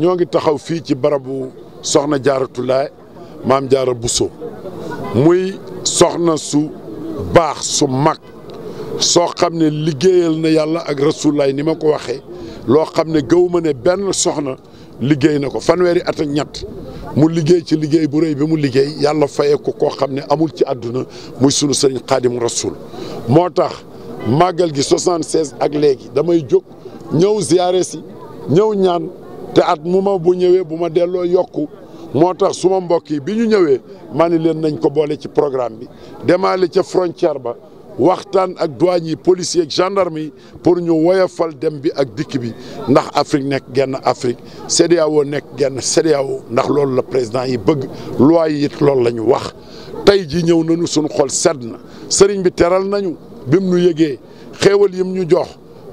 ñoo ngi taxaw fii ci barabu soxna jaaratulaay maam jaara Bousso muy soxna su baax su mag soo xam ne liggéeyal na yàlla ak rasulaay ni ma ko waxee loo xam ne gëw ne benn soxna liggéey na ko fanweeri at ñett mu liggéey ci liggéey bu réy bi mu liggéey yàlla fayee ko koo xam ne amul ci àdduna muy sunu sëriñ xaadimu rasuul moo tax màggal gi 76 ak léegi damay jóg ñëw ziyaare si ñëw ñaan. te at mu ma bu ñëwee bu ma delloo yokk moo tax suma mbokk yi bi ñu ñëwee ma ni leen nañ ko boole ci programme bi demaale ca frontière ba waxtaan ak douane yi policier ak gendarme yi pour ñu woyofal dem bi ak dikk bi ndax Afrique nekk genn Afrique CEDEAO nekk genn CEDEAO ndax loolu la président yi bëgg loi yi it loolu la ñu wax tey ji ñëw nañu suñu xol sedd na sëriñ bi teral nañu bim nu yëgee xéewal yim ñu jox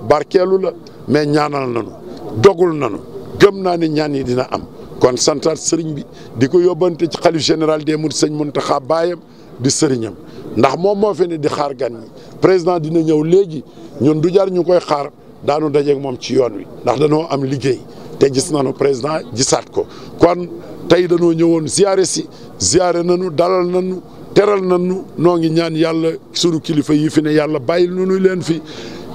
barkeelu la mais ñaanal nañu dogul nañu gëm naa ne ñaan yi dina am kon santaat sëriñ bi di ko yóbbante ci xalif général des mourides sëñ Mountakha baayam di sëriñam ndax moom moo fi di xaar gan ñi président dina ñëw léegi ñun du jar ñu koy xaar daanu dajeeg moom ci yoon wi ndax danoo am liggéey te gis nañu président gisaat ko kon tey danoo ñëwoon ziare si ziare nañu dalal nañu teral nañu noo ngi ñaan yàlla sunu kilifa yi fi ne yàlla bàyyil nu leen fi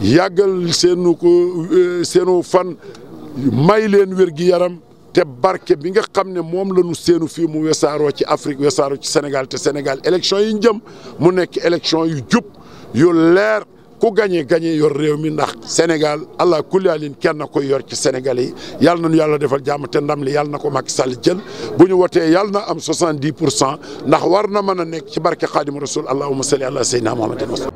yàggal seenu ko euh, seenu fan may leen wér gi yaram te barke bi nga xam ne moom la ñu séenu fii mu wesaaroo ci Afrique wesaaroo ci Sénégal te Sénégal élection yi ñu jëm mu nekk élection yu jub yu leer ku gañe gañe yor réew mi ndax Sénégal allah kulli alin kenn koy yor ci Sénégal yi yàlla na nu yàlla defal jàmm te ndam li yàlla na ko Macky Sall jël bu ñu wotee yàlla na am 70 pour cent ndax war na mën a nekk ci barke Xaadimu Rasul allahumma salli ala sayyidina Muhammadin